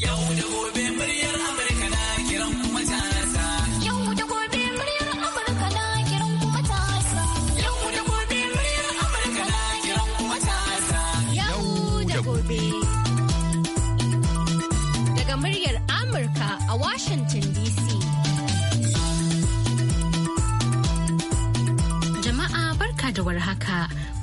Yau da gobe murya.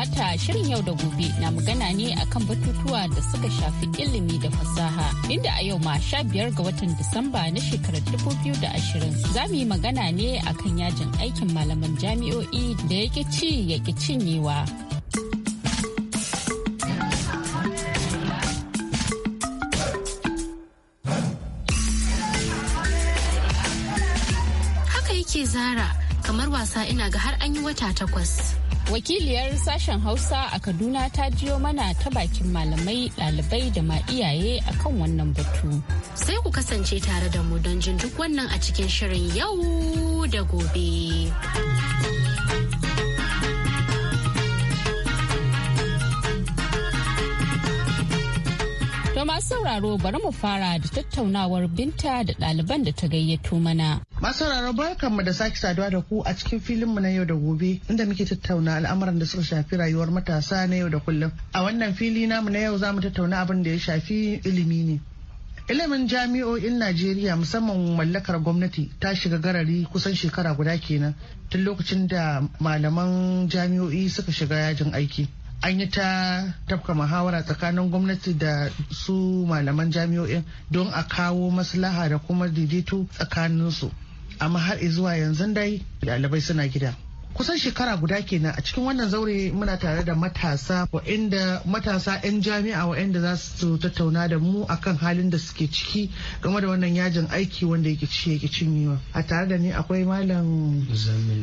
fata shirin yau da gobe na magana ne akan batutuwa da suka shafi ilimi da fasaha inda a yau ma sha biyar ga watan Disamba na shekarar dubu biyu da ashirin za mu yi magana ne akan yajin aikin malaman jami'o'i da ke ci yake cinyewa. Haka yake zara kamar wasa ina ga har an yi wata takwas. wakiliyar sashen hausa a kaduna ta jiyo mana ta bakin malamai ɗalibai da ma iyaye akan wannan batu sai ku kasance tare da mu don jin duk wannan a cikin shirin yau da gobe. To masu sauraro bari mu fara da tattaunawar binta da ɗaliban da ta gayyato mana. Masu sauraro barkanmu da sake saduwa da ku a cikin filin mu na yau da gobe inda muke tattauna al'amuran da suka shafi rayuwar matasa na yau da kullum. A wannan fili mu na yau za mu tattauna abin da ya shafi ilimi ne. Ilimin jami'o'in Najeriya musamman mallakar gwamnati ta shiga garari kusan shekara guda kenan tun lokacin da malaman jami'o'i suka shiga yajin aiki. an yi ta tafka muhawara tsakanin gwamnati da su malaman jami'o'in don a kawo maslaha da kuma daidaito tsakaninsu amma har zuwa yanzu dai ɗalibai suna gida kusan shekara guda kenan a cikin wannan zaure muna tare da matasa wa'inda matasa 'yan jami'a wa'inda za su tattauna da mu akan halin da suke ciki game da wannan yajin aiki wanda yake ci yake cinyewa a tare da ni akwai malam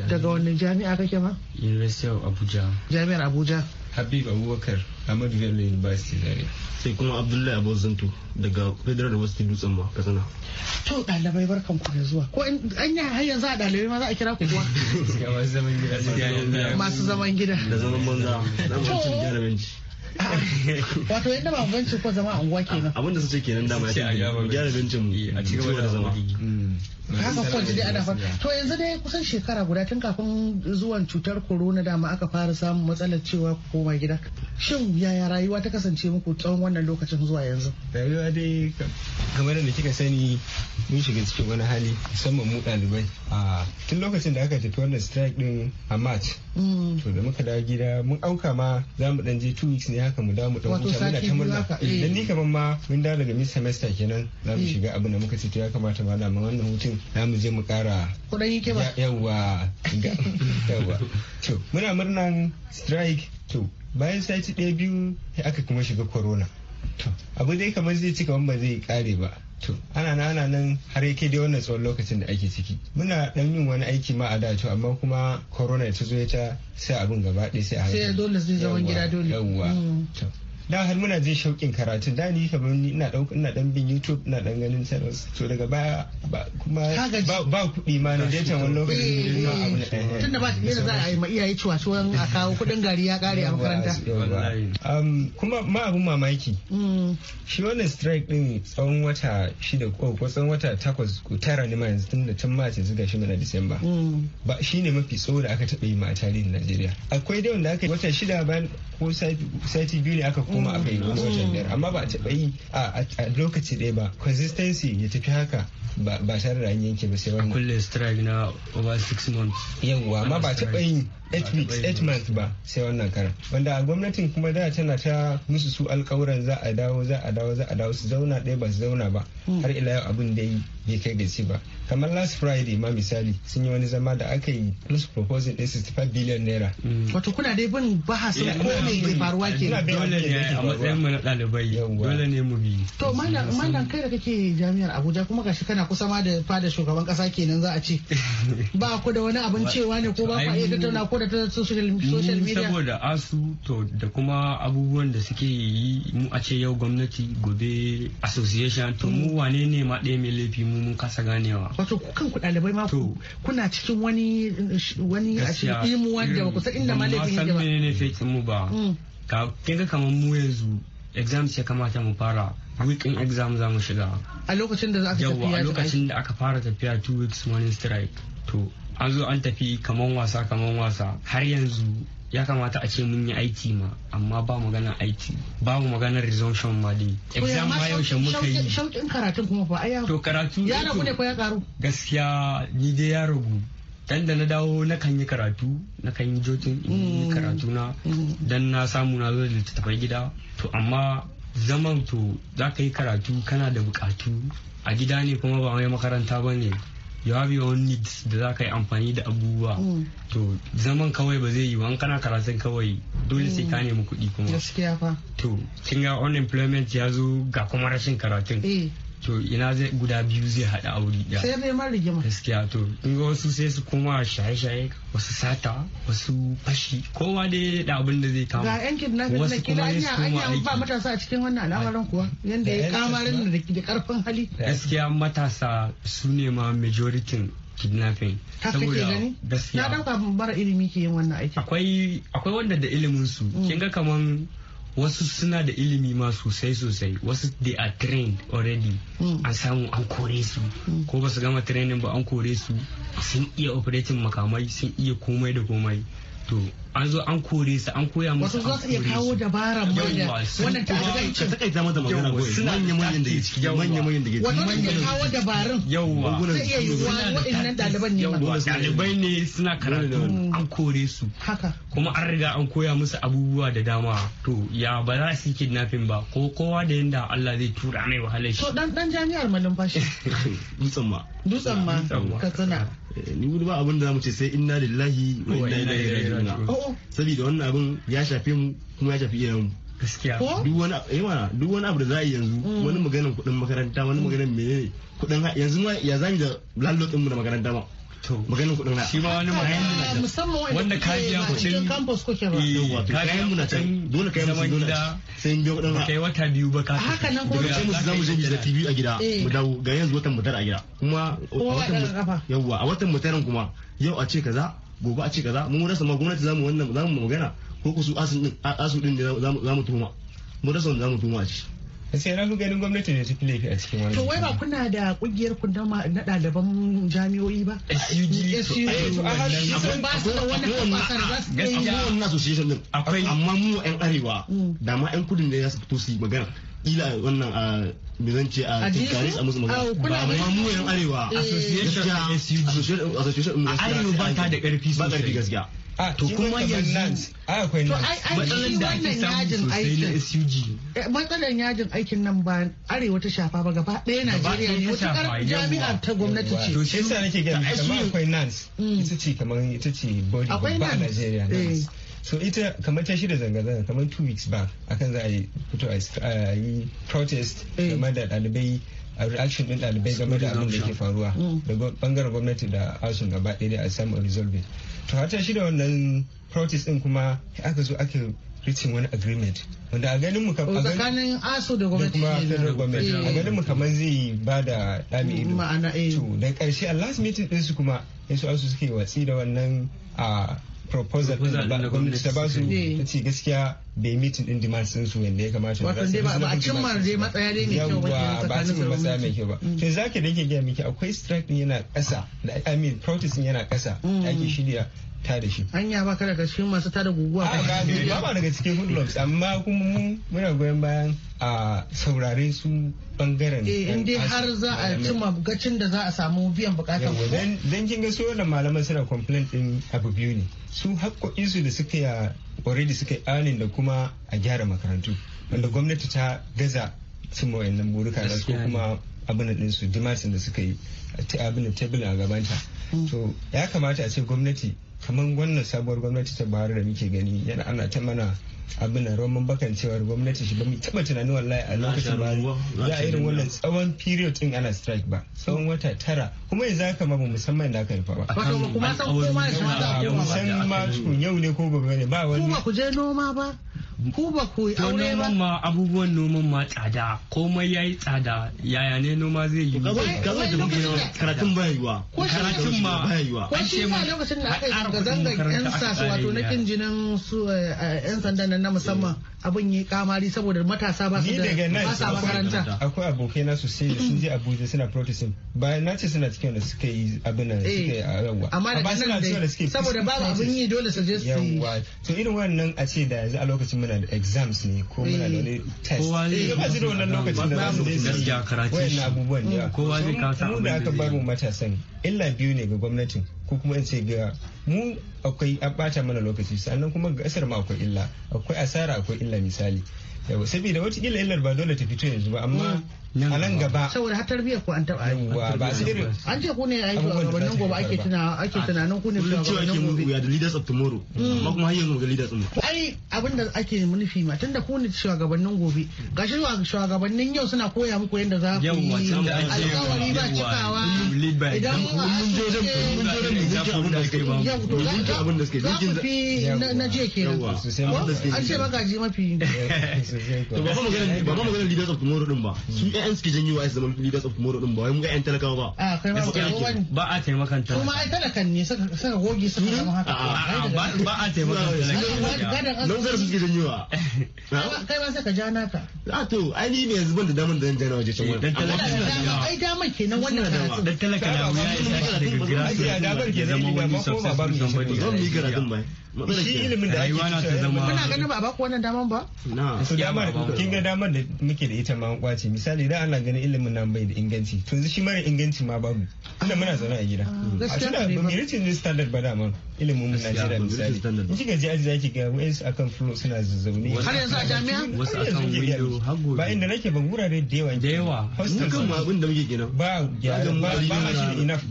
daga wannan jami'a kake ma university of abuja jami'ar abuja habib abubakar ahmad bello university zaria sai kuma abdullahi abozanto daga federal university dutsen ma ka sana to ɗalibai barkan ku da zuwa ko an yi har yanzu a dalibai ma za a kira ku kuwa masu zaman gida masu zaman gida da zaman banza da mutum jarabanci wato yadda ba ganci ko zama unguwa kenan abinda da ce kenan dama ya gyara bencin mu eh, a cikin da zama mm. haka ko dai ana fa to yanzu dai kusan shekara guda tun kafin zuwan cutar corona dama aka fara samun matsalar cewa koma gida shin yaya rayuwa ta kasance muku tsawon wannan lokacin zuwa yanzu rayuwa dai kamar da kika sani mun shiga cikin wani hali musamman mu a tun lokacin da aka tafi wannan strike din a march mm. to da muka dawo gida mun auka ma za mu dan je two weeks ne ya haka mu damu muna ta murna eh, dan ni eh. kaman ma mun dawo daga mid semester kenan za mu hmm. shiga abin da muka ce to ya kamata malaman wannan hutun za mu je mu kara kudin hikima yawa yawa to muna murnan strike to bayan sati ɗaya biyu aka kuma shiga corona abu dai kamar zai ci kamar ba zai kare ba to ana na ana nan har yake dai wannan tsawon lokacin da ake ciki muna dan yin wani aiki ma a da to amma kuma corona ta zo ta sai abin gaba ɗaya sai a sai dole zai zaman gida dole da har muna jin shauƙin karatu da ni kamar ni ina dauka ina dan bin YouTube ina dan ganin channels to daga baya kuma ba kuɗi ma na data wani lokaci eh, eh, tunda ba yadda za a yi ma iyaye cewa ciwon a kawo kuɗin gari ya kare a makaranta um, kuma ma abun mamaki hmm. shi wannan strike din tsawon wata shida ko tsawon wata takwas ko tara ne ma yanzu tunda tun ma ce zuga shi mana December. ba shine mafi tsawo da aka taɓa yi ma a tarihin Najeriya akwai da wanda aka yi wata shida bayan ko sati biyu ne aka kuma aka yi goma wajen mm. biyar amma ba a taɓa yi a lokaci ɗaya ba consistency ya tafi haka ba tare da yanke ba sai wani kulle strike na over six months yawwa amma ba a taɓa yi 8 weeks months ba sai wannan karan wanda a gwamnatin kuma da tana ta musu su alkawuran za a dawo za a dawo za a dawo su zauna ɗaya ba su zauna ba hmm. har ila yau abin da bai kai gaci ba kamar last friday ma misali sun yi wani zama da aka yi musu proposal ɗin 65 billion naira hmm. wato kuna dai bin bahasin ko me ke faruwa ke dole ne a matsayin mu na ɗalibai dole ne mu bi to malam kai da kake jami'ar abuja kuma gashi kana kusa ma da fada shugaban kasa kenan za a ce ba ku da wani abin cewa ne ko ba ku iya tattauna ko ko da ta social media saboda asu to da kuma abubuwan da suke yi mu a ce yau gwamnati gobe association to mu mm. wane ne ma ɗaya mai laifi mu mun kasa ganewa wato ku kan ku ɗalibai ma ku kuna cikin wani wani a cikin imu wanda ba ku san inda ma laifin yake ba san menene fekin mu ba mm. ka kinga kamar mu yanzu exam ce kamata mu fara weekend exam za mu shiga a lokacin da za a tafiya a lokacin da aka fara tafiya two weeks morning strike to an zo an tafi kaman wasa kaman wasa har yanzu ya kamata a ce mun yi aiki ma amma ba magana aiki mu maganar resumption ma dai exam ma yaushe muka yi shauƙin karatun kuma fa to karatu ya eh ragu ne ko ya karu gaskiya ni dai ya ragu dan da na dawo na kan yi karatu na kan yi jotin in yi mm. karatu na mm. dan na samu na zo da littattafai gida to amma zaman to za ka yi karatu kana da bukatu a gida ne kuma ba mai makaranta ba ne you have your own needs da za ka yi amfani da abubuwa mm. to zaman kawai ba zai yi ba kana karatun kawai dole sai ka mm. nemi kuɗi kuma to kin ga unemployment ya zo ga kuma rashin karatun eh. to ina zai guda biyu zai haɗa aure. Ya ɗaya sai neman rigima gaskiya to in ga wasu sai su koma shaye-shaye wasu sata wasu fashi kowa dai da abin da zai kama ga yan kidnapping na kila an yi ba matasa a cikin wannan al'amarin kuwa yanda ya kamarin da karfin hali gaskiya matasa su ne ma majoritin kidnapping saboda gaskiya na dauka bara ilimi ke yin wannan aiki akwai wanda da ilimin su mm. kin ga kaman wasu suna da ilimi ma sosai sosai wasu they a trained already hmm. an samu an kore su hmm. ko ba su gama training ba an kore su sun iya operating makamai sun iya komai da komai to an zo an kore su an koya musu wasu za su iya kawo dabara manya wannan ta ce ta kai zama da magana goyi manya manyan da yake ciki manya manyan da ke ciki wannan ya kawo dabarun yawa zai iya wa waɗannan daliban ne yawa dalibai ne suna karatu an kore su haka kuma an riga an koya musu abubuwa da dama to ya ba za su kidnapping ba ko kowa da yanda Allah zai tura mai wahalar shi to dan dan jami'ar malumfashi dutsen ma dutsen ma katsina eh, ni ba abin da zamu ce sai inna lillahi wa inna ilaihi raji'un oh, oh, saboda wannan abin ya shafe mu kuma ya shafi iyayen gaskiya eh, duk wani abu da za a yi yanzu mm. wani maganin kuɗin makaranta wani maganin menene kuɗin yanzu ma ya zan da landlord mu da makaranta ma maganin kuɗin ha shi ma wani mahimmi musamman wanda ka eh, biya kuɗin campus ko ke ba ka biya mun na dole kai musu dole sai in biya kuɗin kai wata biyu ba ka haka nan ko sai mu je gida TV a gida eh. mu dawo ga yanzu watan a gida kuma a watan yawa a watan kuma yau a ce kaza gobe a ce kaza mun rasa ma gwamnati zamu wannan zamu magana ko ku su asin din asu din zamu tuma mun rasa wanda zamu tuma a ci sai na ganin gwamnati ne ta fi laifi a cikin wani. to wai ba kuna da kungiyar kundama na ɗaliban jami'o'i ba SUG to eh, a sun ba su da wannan kasar za su yi amma mu yan arewa mm. da ma yan kudin da ya su fito su yi magana ila wannan a ce a tinkari a musu magana ba ma mu yan eh. arewa association association A arewa ba ta da karfi ba karfi gaskiya to kuma yanzu matsalan da ake samu sosai na SUG eh, matsalan yajin aikin nan ba arewa ta shafa ba gaba ɗaya Najeriya mutukar jami'a ta gwamnati ce to shi yasa nake ga kamar akwai Nance. Mm. ita ce kamar ita ce body ba Najeriya eh. Nance. so ita kamar ta shirya zanga-zanga kamar two weeks back akan za a yi fito a yi protest eh. game da ɗalibai a reaction din ɗalibai game da abin da ke faruwa da bangaren gwamnati da asun gaba ɗaya a samu resolve to har ta shirya wannan protest din kuma aka zo aka reaching wani agreement wanda a ganin mu kamar oh, tsakanin aso da gwamnati a eh. ganin mu kamar zai ba da dami ido eh. to da karshe a last meeting din su kuma yasu su asu suke watsi da wannan proposal din da gwamnati ta basu ta ce gaskiya bai mitin din demands sun su wanda ya kamata wato dai ba a cimma dai matsaya ne mai kyau ba ba cimma matsaya mai kyau ba to zaki da ke ga miki akwai strike din yana kasa da i mean protest yana kasa mm. ake shirya ta da shi Hanya ba kada ka cikin masu tada guguwa ba ba daga cikin hoodlums amma kuma mu muna goyon bayan a saurare su bangaren eh in dai har za a cimma gacin da za a samu biyan bukatar dan dan kin ga su wannan malaman suna complaint din abu biyu ne su hakkokin su da suka ya already suka yi alin da kuma a gyara makarantu wanda gwamnati ta gaza sun mawa yannan buruka da su kuma abin da su dimasin da suka yi abin da tabbila a gabanta mm. to ya kamata a ce gwamnati kamar wannan sabuwar gwamnati ta bayar da muke gani yana ana ta mana abin da roman bakan cewar gwamnati shi ba mu taba tunanin wallahi a lokacin ba za a irin wannan tsawon period din ana strike ba tsawon wata tara kuma yanzu haka ma mu san da aka rufa ba kuma san ko ma ya san da yau ne ko gobe ne ba wani kuma ku je noma ba ku ba ku aure ba ma abubuwan noman ma tsada komai yayi tsada yaya ne noma zai yi karatun ba yiwa karatun ma ba yiwa ko shi ma lokacin da aka yi zanga yan sas wato na kin jinin su eh, eh, yan sandan nan na musamman eh. abin yi kamari saboda matasa ba su da sa makaranta akwai abokai na su sai sun je Abuja suna protesting bayan na ce suna cikin da suke yi abin nan suke a ah, yawa amma da nan da saboda babu abin yi dole su je su yi to irin wannan a ce da yanzu a lokacin muna da exams ne ko muna da wani eh, test eh, ba su da wannan lokacin da za su abubuwan da kowa zai ta da aka bar mu matasan illa biyu ne ga gwamnatin ko kuma in ce ga mu akwai an bata mana lokaci sannan kuma ga kasar ma akwai illa akwai asara akwai illa misali saboda wata illa illar ba dole ta fito yanzu ba amma hmm. a nan gaba saboda har tarbiyyar ku an taba yi ba su irin an ce ku ne ai shugabannin gobe ake tuna ake tunanin ku ne shugabannin gobe ya da leaders of tomorrow mm. amma kuma har yanzu ga leaders mu ai abinda da ake nufi ma tunda ku ne shugabannin gobe gashi shugabannin yau suna koya muku yadda za ku yi alƙawari ba cikawa idan mun je da mun je da mun da kai ba mun je abin da suke jikin za na je kenan an ce magaji mafi to ba ba magana leaders of tomorrow din ba ƴaƴan suke janyo wa su leaders of tomorrow din ba wai mun ga yan talakawa ba a ah, kai ba ba a taimakan talakawa. kuma ai talakan ne suka goge suka zama haka hmm? ah, ah, ba a taimakan talakawa. nan suke janyo wa kai ma ja naka a to ai ni ne yanzu ban da daman da zan jana waje can ai daman wannan karatu dan wuya ya ba ma ko ba ba mu yi ba shi ilimin da ake a' zama kuna ganin ba ba ko wannan daman ba na kin ga daman da muke da ita ma kwace misali idan ana ganin ilimin nan bai da inganci to yanzu shi mara inganci ma babu tunda muna zaune a gida ah, a tuna ba mu standard ba ilimin mu Najeriya misali in je aji zaki ga wayansu akan flow suna zazzaune har yanzu a jami'a wasu akan window ba inda nake ba wurare da yawa da yawa kan ma abin da muke ba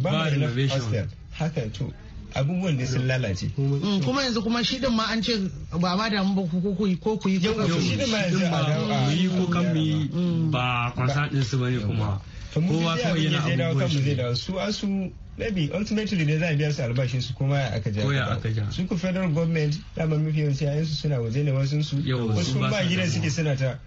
ba ba haka to abubuwan da sun lalace mm, kuma yanzu kuma shi din ma an ce ba ma damu ba ko ku yi ko ku yi ko shi din ma yi ko kan mu ba kwasa ɗin su bane kuma kowa kawai yana abubuwan shi maybe ultimately ne za a biya su albashin su kuma aka ja aka ja su ku federal government dama mafi yawanci a yansu suna waje ne wasu su wasu ba gidan suke suna ta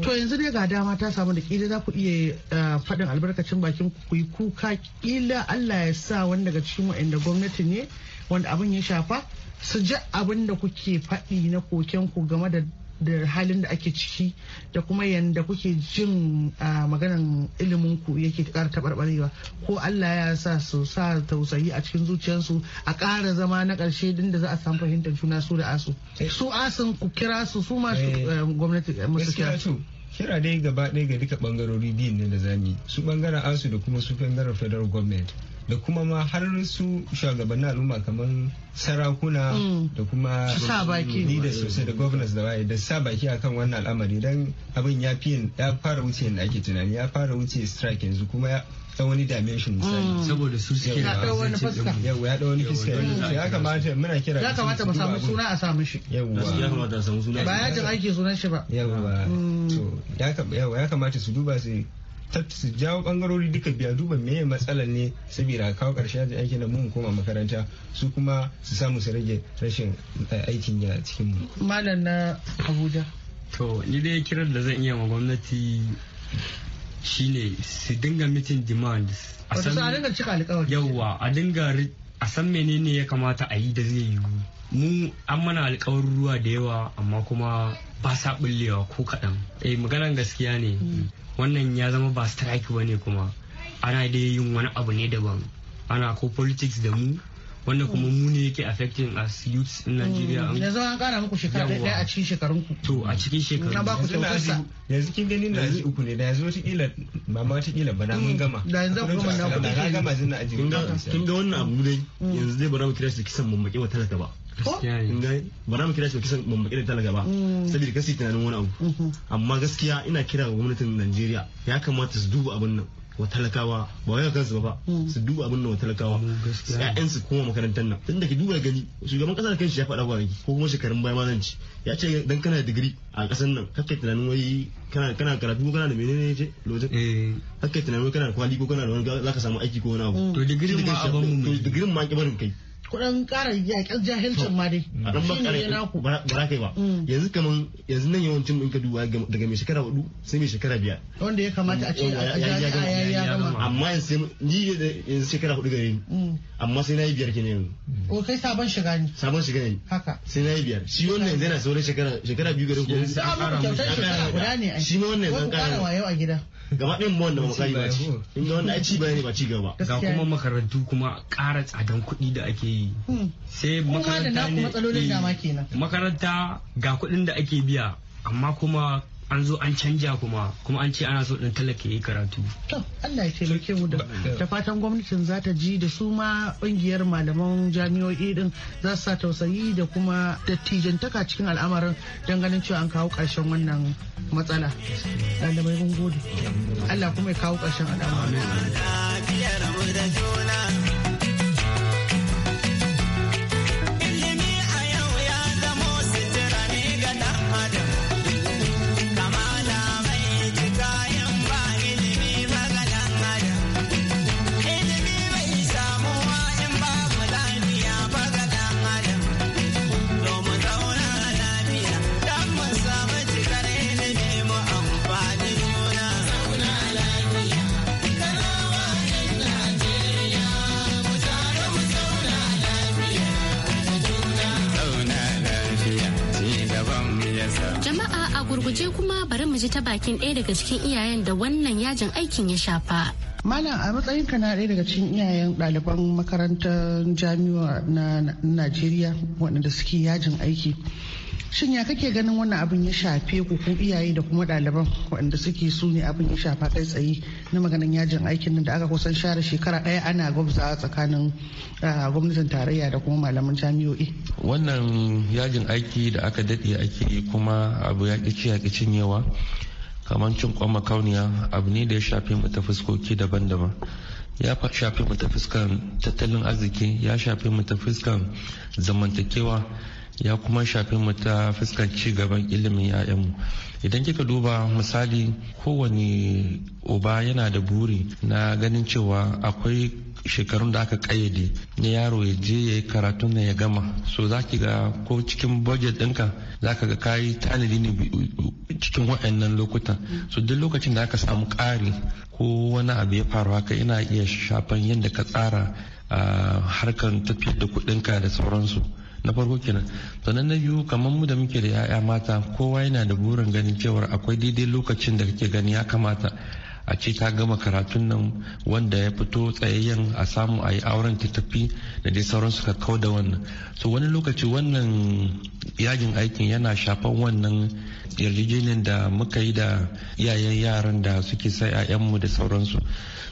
to yanzu ne ga dama ta samu da kila za ku iya eh, faɗin albarkacin bakin ku yi kuka kila Allah ya sa wani daga cikin wa'anda gwamnati ne wanda abin ya shafa su ji abin da kuke faɗi na koken ku game da da halin da ake ciki da kuma yadda kuke jin maganan ilimin ku yake ƙara taɓarɓarewa ko Allah ya sa su sa tausayi a cikin zuciyarsu a ƙara zama na ƙarshe din da za a samu fahimtar juna su da asu su asin ku kira su su masu eh, eh, gwamnati eh, masu kira su kira dai gaba ɗaya ga duka bangarori biyun ne da zami su bangaren asu da kuma su bangaren federal government da kuma ma har su shugabannin al'umma kamar sarakuna mm. da kuma leaders sosai da governors da waye da sa baki akan wannan al'amari dan abin ya fi ya fara wuce da ake tunani ya fara wuce strike yanzu kuma ta wani dimension misali mm. saboda su suke da wani fuska yau ya dawo wani fuska ya kamata muna kira ya kamata mu samu suna a samu shi yawwa ya kamata a samu suna ba ya jin ake sunan shi ba yawwa mm. to ya kamata su duba su ta su jawo bangarori duka biya duba meye matsalar ne saboda kawo karshe yajin aiki na mun koma makaranta su kuma su samu su rage rashin eh, aikin ya cikin malam na abuja to ni dai kiran da zan iya ma gwamnati shine su dinga mitin demand a dinga cika alƙawari yawa a dinga a san menene ya kamata a yi da zai yiwu mu an mana alkawarin ruwa da yawa amma kuma ba sa bullewa ko kaɗan eh maganan gaskiya ne mm. wannan ya zama ba strike ba ne kuma ana dai yin wani abu ne daban ana ko politics da mu wanda kuma mu ne yake affecting as youths in Nigeria mm. yanzu an kara muku shekaru ɗaya a cikin shekarun ku to a cikin shekaru na ba ku sa. yanzu kin gani na yanzu uku ne da yanzu wata kila ba ma wata kila bana mun mm. gama da yanzu ku gama na ku da gama zin na aji kin ga wannan abu dai mm. yanzu dai bara mu kira shi kisan mamaki wa talaka ba ba na mu kira shi kisan mamaki da talaga ba saboda kasi tunanin wani abu mm-hmm. amma gaskiya ina kira ga gwamnatin Najeriya ya kamata su duba abin nan wa talakawa ba wai kansu ba hmm. su duba abin nan wa talakawa ƴaƴan su koma makarantar nan tunda ki duba gani shugaban kasa kanshi ya faɗa ba ko kuma shekarun baya ma zan ci ya ce dan kana digiri a ƙasar nan kake tunanin wai kana kana karatu ko kana da menene ce lojin eh. kake tunanin wai kana da kwali ko kana da wani zaka samu aiki ko wani abu hmm. to digirin ma abin mu digirin ma ki barin kai kudin kara yaƙar jahilcin ma dai hmm. shi ne ya naku ba za ka yi ba yanzu kaman yanzu nan yawancin in ka duba daga mai shekara hudu sai mai shekara biyar wanda ya kamata a ce hmm. ya gama amma yanzu yanzu shekara hudu gare ni hmm. amma sai na yi biyar kenan yanzu ko kai sabon shiga ne sabon shiga ne haka sai na yi biyar shi wannan yanzu yana sauran shekara shekara biyu gare ko sai a kara mu shekara guda ne shi ma wannan zan kara a gida gaba ɗin mu wanda ba ba ci inda wannan ai ci bayani ba ci gaba ga kuma makarantu kuma ƙara tsadan kuɗi da ake yi yi sai makaranta ne eh, makaranta ga kuɗin da ake biya amma kuma an zo an canja kuma kuma an ce ana so ɗan talaka yi karatu. To Allah ya taimake mu da ta fatan gwamnatin za ta ji da su ma ƙungiyar malaman jami'o'i din za su sa tausayi da kuma dattijantaka cikin al'amarin don ganin cewa an kawo ƙarshen wannan matsala. Ɗalibai mun gode. Allah kuma ya kawo ƙarshen al'amarin. a gurguje kuma bari mu ji ta bakin ɗaya daga cikin iyayen da wannan yajin aikin ya shafa Malam a ka na ɗaya daga cikin iyayen ɗaliban makarantar jami'a na Najeriya waɗanda suke yajin aiki. shin ya kake ganin wannan abin ya shafe ku ko iyaye da kuma ɗaliban waɗanda suke su ne abin ya shafa kai tsaye na maganin yajin aikin nan da aka kusan share shekara ɗaya ana gwabza tsakanin ah, gwamnatin tarayya da kuma malaman jami'o'i wannan yajin aiki da aka daɗe ake yi kuma abu ya ƙi ciya ƙi cinyewa kamar cin kwamma kauniya abu ne da ya shafe mu ta fuskoki daban-daban ya shafe mu ta fuskan tattalin arziki ya shafe mu ta fuskan zamantakewa ya kuma shafi mu ta fuskar ci gaban ilimin 'ya'yanmu idan kika duba misali kowane uba yana da buri na ganin cewa akwai shekarun da aka kayyade na yaro ya je ya yi karatun na ya gama so za ki ga ko cikin budget ɗinka za ka ga kayi tanadi ne cikin waɗannan lokuta so duk lokacin da aka samu ƙari ko wani abu ya faru haka yana iya shafan yadda ka tsara ah, harkar tafiyar da kuɗinka da sauransu na farko kenan sannan na biyu kamar mu da muke da 'ya'ya mata kowa yana da burin ganin cewar akwai daidai lokacin da kake gani ya kamata a ce ta gama karatun nan wanda ya fito tsayayyen a samu a yi auren ta tafi da dai sauran suka kau da wannan so wani lokaci wannan yajin aikin yana shafan wannan yarjejeniyar da muka yi da iyayen yaran da suke sai a yanmu da sauransu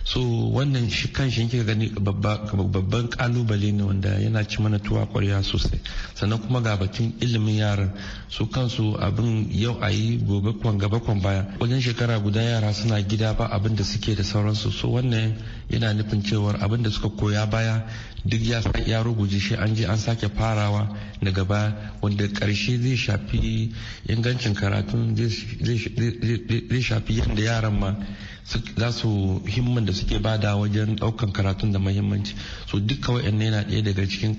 so wannan shi kan shi kika gani babban kalubale ne wanda yana ci mana tuwa kwarya sosai sannan kuma ga batun ilimin yaran su kansu abin yau a yi gobe kwan gaba kwan baya wajen shekara guda yara suna gida ba abin da suke da sauransu so wannan yana nufin cewar abin da suka koya baya duk ya ruguje shi an je an sake farawa na gaba wanda karshe zai shafi ingancin karatun zai shafi yadda yaran ma za su himman da suke bada wajen daukan karatun da mahimmanci so duk wa'yan yana daya daga cikin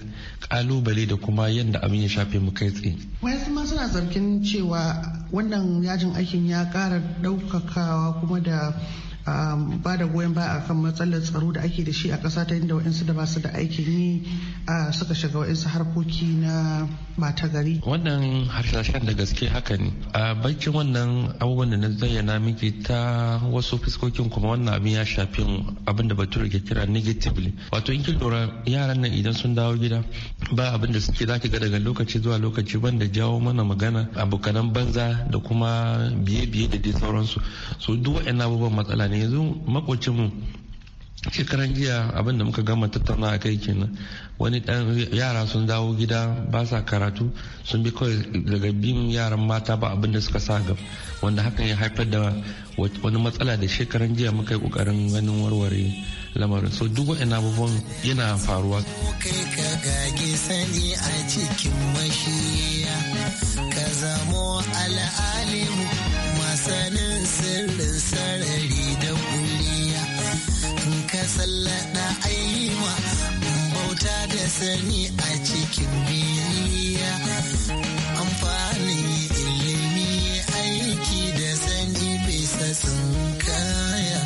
kalubale da kuma yadda abin ya shafe mu kai tsaye wayansu ma suna zargin cewa wannan yajin aikin ya ƙara ɗaukakawa kuma da ba da goyon ba kan matsalar tsaro da ake da shi a ƙasa ta inda wa'insu da basu da aikin yi suka shiga wa'insu harkoki na mata gari. Wannan harshashen da gaske haka ne. A bakin wannan abubuwan da na zayyana miki ta wasu fuskokin kuma wannan abin ya shafi abin da bature ke kira negatively. Wato in lura yaran nan idan sun dawo gida ba abin da suke zaki ga daga lokaci zuwa lokaci banda jawo mana magana abokanan banza da kuma biye-biye da dai sauransu. So duk waɗannan abubuwan matsala ne ne yanzu makocinmu shekaran jiya abinda muka gama tattauna a kai kenan wani dan yara sun dawo gida ba sa karatu sun bi kawai daga bin yaran mata ba abinda suka sa gab wanda hakan ya haifar da wani matsala da shekaran jiya muka yi kokarin ganin warware lamarin so duk wa'in abubuwan yana faruwa ka zamo al'alimu masanin sirrin sallada ma. bauta da sani a cikin biyayya amfanin ilimi aiki da sani bisa sun kaya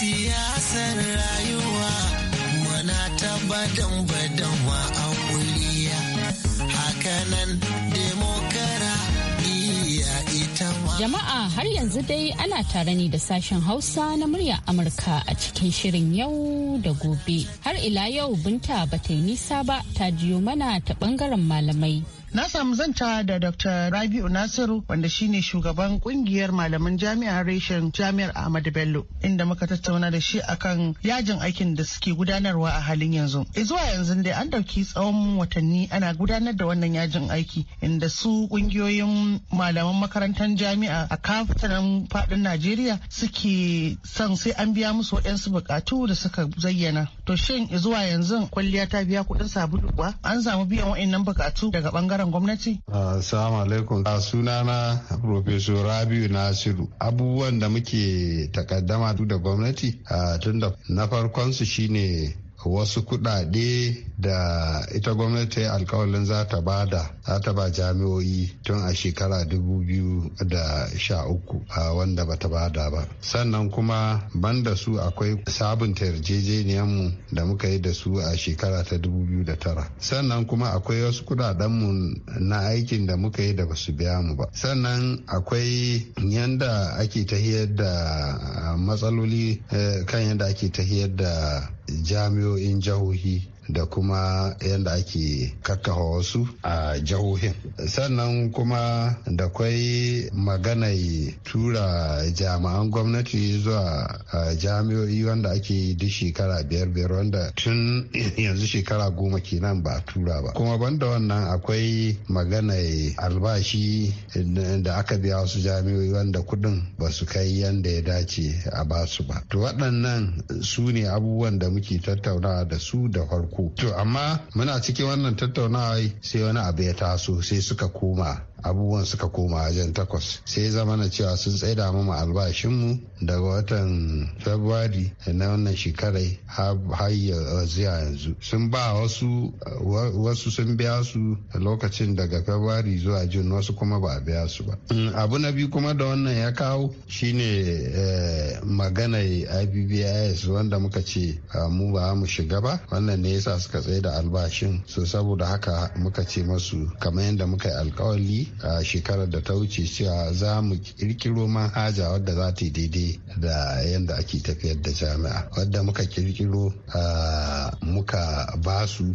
siyasan rayuwa muna tabbatar Jama'a har yanzu dai ana tare ne da sashen Hausa na murya Amurka a cikin shirin yau da gobe. Har ila yau binta ba ta yi nisa ba ta jiyo mana ta bangaren malamai Na samu zanta da Dr. Rabiu Nasiru wanda shine shugaban kungiyar malaman jami'ar reshen jami'ar Ahmadu Bello inda muka tattauna da shi akan yajin aikin da suke gudanarwa a halin yanzu. E, zuwa yanzu dai an dauki tsawon watanni ana gudanar da wannan yajin aiki inda su kungiyoyin malaman makarantar jami'a a kafinan fadin Najeriya suke son sai an biya musu waɗansu bukatu da suka zayyana. To shin e, zuwa yanzu kwalliya ta biya kuɗin sabulu kuwa an samu biyan waɗannan bukatu daga bangaren bangaren gwamnati? Assalamu alaikum. Sunana Profesor Rabiu Nasiru. Abubuwan da muke takaddama da gwamnati tun da na farkonsu shine wasu kuɗaɗe da ita gwamnati alkawalin za ta bada za ta ba jami'o'i tun a shekara 2013 a wanda bata bada ba sannan kuma ban da su akwai sabunta yarjejeniyarmu da muka yi da su a shekara ta 2009 sannan kuma akwai wasu kudadenmu na aikin da muka yi da basu biya mu ba sannan akwai yanda ake ta da matsaloli eh, kan yadda ake tahiyar da jami'o'in jihohi da kuma yadda ake kakkawa wasu a jihohin sannan kuma da kwai maganai tura jami'an gwamnati zuwa jami'o'i wanda ake duk shekara biyar biyar wanda tun yanzu shekara goma kenan ba tura ba kuma banda wannan akwai maganai albashi da aka biya wasu jami'o'i wanda kudin ba su kai yadda ya dace a basu ba to waɗannan su ne abubuwan da muke tattaunawa da su da farko to amma muna cikin wannan tattaunawa sai wani abu ya taso sai suka koma abubuwan suka koma wajen takwas sai zama na cewa sun tsaida mu albashinmu daga watan february na wannan shekarai har zuwa yanzu sun ba wasu sun biya su lokacin daga february zuwa jun wasu kuma ba a biya su ba mm, abu na biyu kuma da wannan ya kawo shine eh, maganar ibbis wanda muka ce ah, mu ba mu shiga ba wannan ne yasa suka tsaye albashin so saboda haka muka ce masu kamar yadda muka yi alkawali a shekarar da ta wuce cewa za mu kirkiro manhaja wadda za ta yi daidai da yadda ake tafiyar da jami'a wadda muka kirkiro muka ba su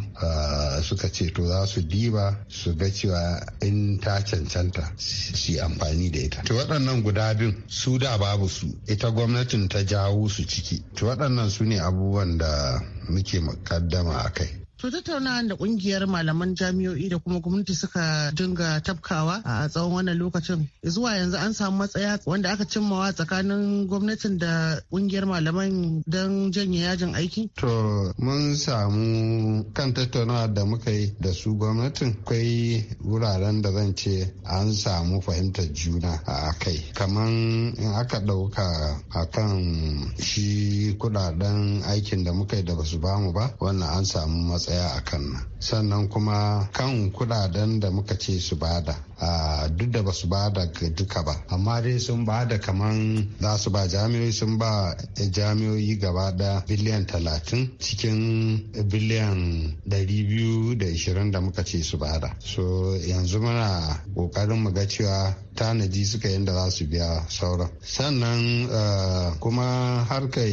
suka ce to za su diba su ga cewa in ta cancanta su amfani da ita to waɗannan guda bin su da babu su ita gwamnatin ta jawo su ciki to waɗannan su ne abubuwan da muke kaddama a kai To tattaunawan da kungiyar malaman jami'o'i da kuma gwamnati suka dinga tafkawa a tsawon wannan lokacin zuwa yanzu an samu matsaya wanda aka cimmawa tsakanin gwamnatin da kungiyar malaman don janye yajin aiki? To mun samu kan tattaunawa da muka yi da su gwamnatin kai wuraren da zan ce an samu fahimtar juna a kai kaman in aka ɗauka a kan shi kudaden aikin da muka yi da basu bamu ba wannan an samu matsaya daya a kan nan sannan kuma kan kudaden da muka ce su bada duk da basu ba da duka ba amma dai sun ba da kaman za su ba jami'oi sun ba jami'oi gaba da biliyan talatin cikin biliyan ɗari biyu da ishirin da muka ce su ba da so yanzu muna kokarin mu ga cewa tanadi suka da za su biya sauran sannan kuma harkar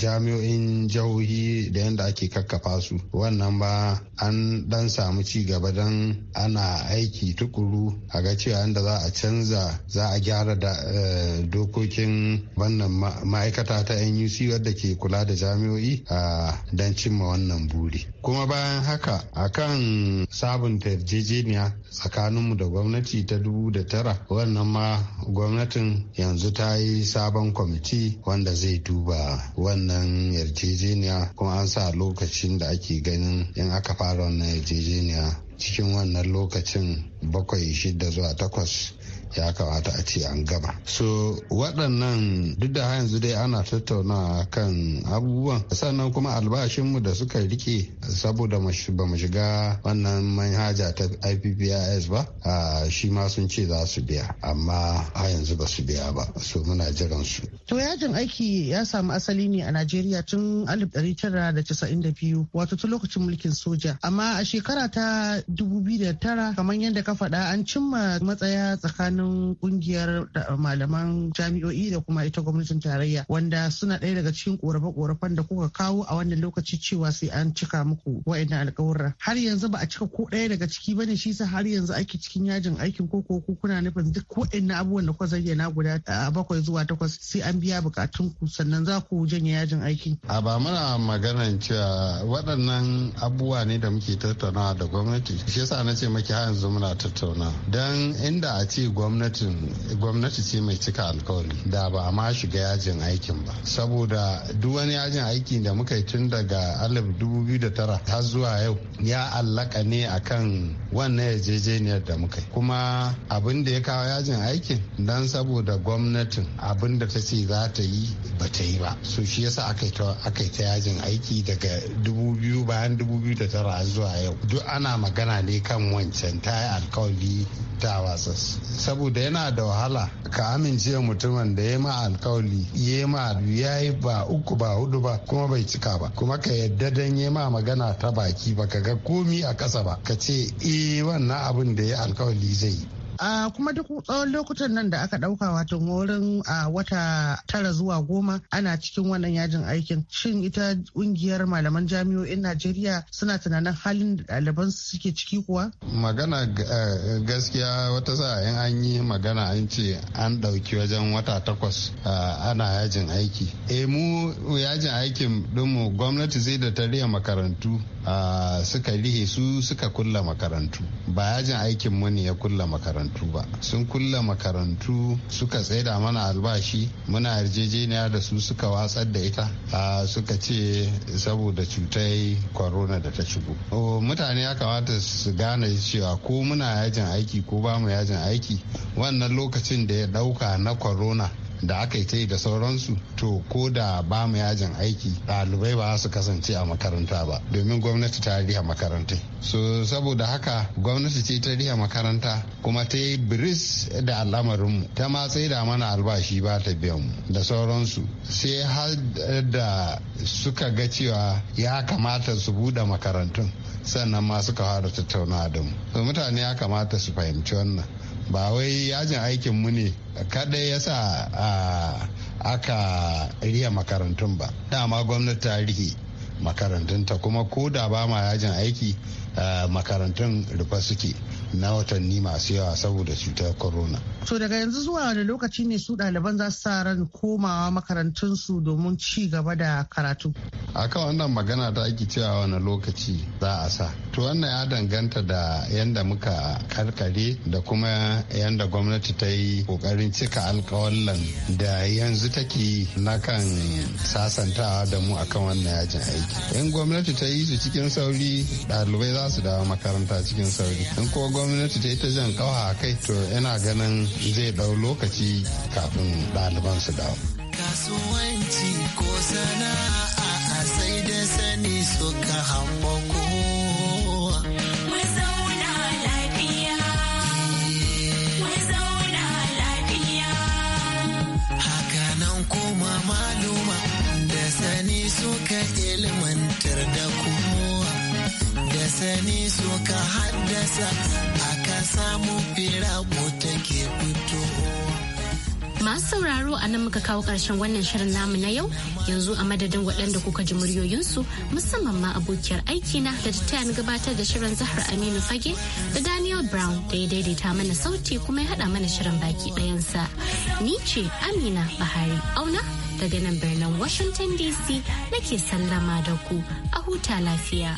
jami'o'in jihohi da yadda ake kakkafa su wannan ba an dan samu ci gaba don ana aiki tukuru shekaru a ga cewa inda za a canza za a gyara da eh, dokokin wannan ma'aikata ta nuc wadda ke kula da jami'o'i a don cimma wannan buri kuma bayan haka a kan sabunta yarjejeniya tsakaninmu da gwamnati ta dubu da tara wannan ma gwamnatin yanzu ta yi sabon kwamiti wanda zai duba wannan yarjejeniya kuma an sa lokacin da ake ganin in aka fara wannan yarjejeniya cikin wannan lokacin bakwai shida zuwa takwas ya kamata a ce an gama. So waɗannan duk da yanzu dai ana tattauna kan abubuwan sannan kuma albashinmu da suka rike saboda ba mu shiga wannan manhaja ta IPPIS ba shi ma sun ce za su biya amma a yanzu ba su biya ba so muna jiran su. To yajin aiki ya samu asali ne a Najeriya tun 1992 wato tun lokacin mulkin soja amma a shekara ta 2009 kamar yadda ka faɗa an cimma matsaya tsakanin kungiyar malaman jami'o'i da kuma ita gwamnatin tarayya wanda suna ɗaya daga cikin korafe-korafen da kuka kawo a wannan lokaci cewa sai an cika muku wa'annan alƙawurra har yanzu ba a cika ko ɗaya daga ciki ba ne shi sa har yanzu ake cikin yajin aikin ko ko kuna nufin duk wa'annan abubuwan da kuka zayyana guda bakwai zuwa takwas sai an biya bukatun ku sannan za ku janye yajin aiki. A ba muna maganan cewa waɗannan abubuwa ne da muke tattaunawa da gwamnati gwamnati shi yasa na ce maki har yanzu muna tattauna dan inda a ce gwamnatin gwamnati ce mai cika alkawari da ba a ma shiga yajin aikin ba saboda duk wani yajin aiki da muka yi tun daga alif dubu har zuwa yau ya allaka ne akan wannan yarjejeniyar da muka yi kuma abin da ya kawo yajin aikin dan saboda gwamnatin abin da ta ce za ta yi ba ta yi ba so shi yasa aka yi ta yajin aiki daga dubu biyu bayan dubu biyu zuwa yau duk ana magana magana ne kan wancan ta yi alkawali ta wasa saboda yana da wahala ka amince mutumin da ya ma alkawali ya ma ya yi ba uku ba hudu ba kuma bai cika ba kuma ka yadda dan ya ma magana ta baki ba ka ga komi a ƙasa ba ka ce eh wannan abin da ya alkawali zai yi. A kuma duk tsawon lokutan nan da aka ɗauka wato wurin a wata tara zuwa goma ana cikin wannan yajin aikin. Shin ita kungiyar malaman jami'o'in Najeriya suna tunanin halin da ɗaliban suke ciki kuwa? Magana eh, gaskiya wata sa in an yi magana an ce an ɗauki wajen wata takwas ana yajin aiki. E mu yajin aikin mu gwamnati zai da tariya makarantu suka rihe su suka kulla makarantu. Ba yajin aikin mu ne ya kulla makarantu. makarantu ba sun kulla makarantu suka tsaida mana albashi muna yarjejeniya da su suka watsar da ita suka ce saboda cutai corona da ta shigo mutane ya kamata su gane cewa ko muna yajin aiki ko ba mu yajin aiki wannan lokacin da ya dauka na corona da aka yi ta yi da sauransu to ko da ba mu yajin aiki ɗalibai ba su kasance a makaranta ba domin gwamnati ta riha makarantai so saboda haka gwamnati ce ta riha makaranta kuma ta yi biris da al'amarinmu ta ma da mana albashi ba ta biyan mu da sauransu sai har da suka ga cewa ya kamata su buɗe makarantun sannan ma suka fara tattaunawa da mu mutane ya kamata su fahimci wannan ba wai yajin aikin mu ne kadai ya sa aka riya makarantun ba dama gwamnati ta rihe makarantunta kuma ko da ba ma yajin aiki makarantun rufe suke na watanni masu yawa saboda cutar corona. To daga yanzu zuwa wani lokaci ne su ɗaliban za su sa ran komawa su domin ci gaba da karatu. Akan wannan magana da ake cewa wani lokaci za a sa. To wannan ya danganta da yanda muka karkare da kuma yanda gwamnati ta yi kokarin cika alkawallan da yanzu take na kan sasantawa da mu akan wannan yajin aiki. In gwamnati ta yi su cikin sauri ɗalibai za su dawo makaranta cikin sauri. In ko gwamnati ta ita jan kawa a kai to yana ganin zai ɗau lokaci kafin ɗaliban su dawo. Kasuwanci ko sana'a a sai da sani suka Hakanan Kuma maluma da sani suka ilmantar da ku. da sani suka haddasa aka samu fira take Masu sauraro a nan muka kawo ƙarshen wannan shirin namu na yau yanzu a madadin waɗanda kuka ji muryoyinsu musamman ma abokiyar aikina da ta na gabatar da shirin zahar Aminu Fage da Daniel Brown da ya daidaita mana sauti kuma ya haɗa mana shirin baki ɗayansa. Ni ce Amina Bahari Auna daga nan birnin Washington DC nake sallama da ku a huta lafiya.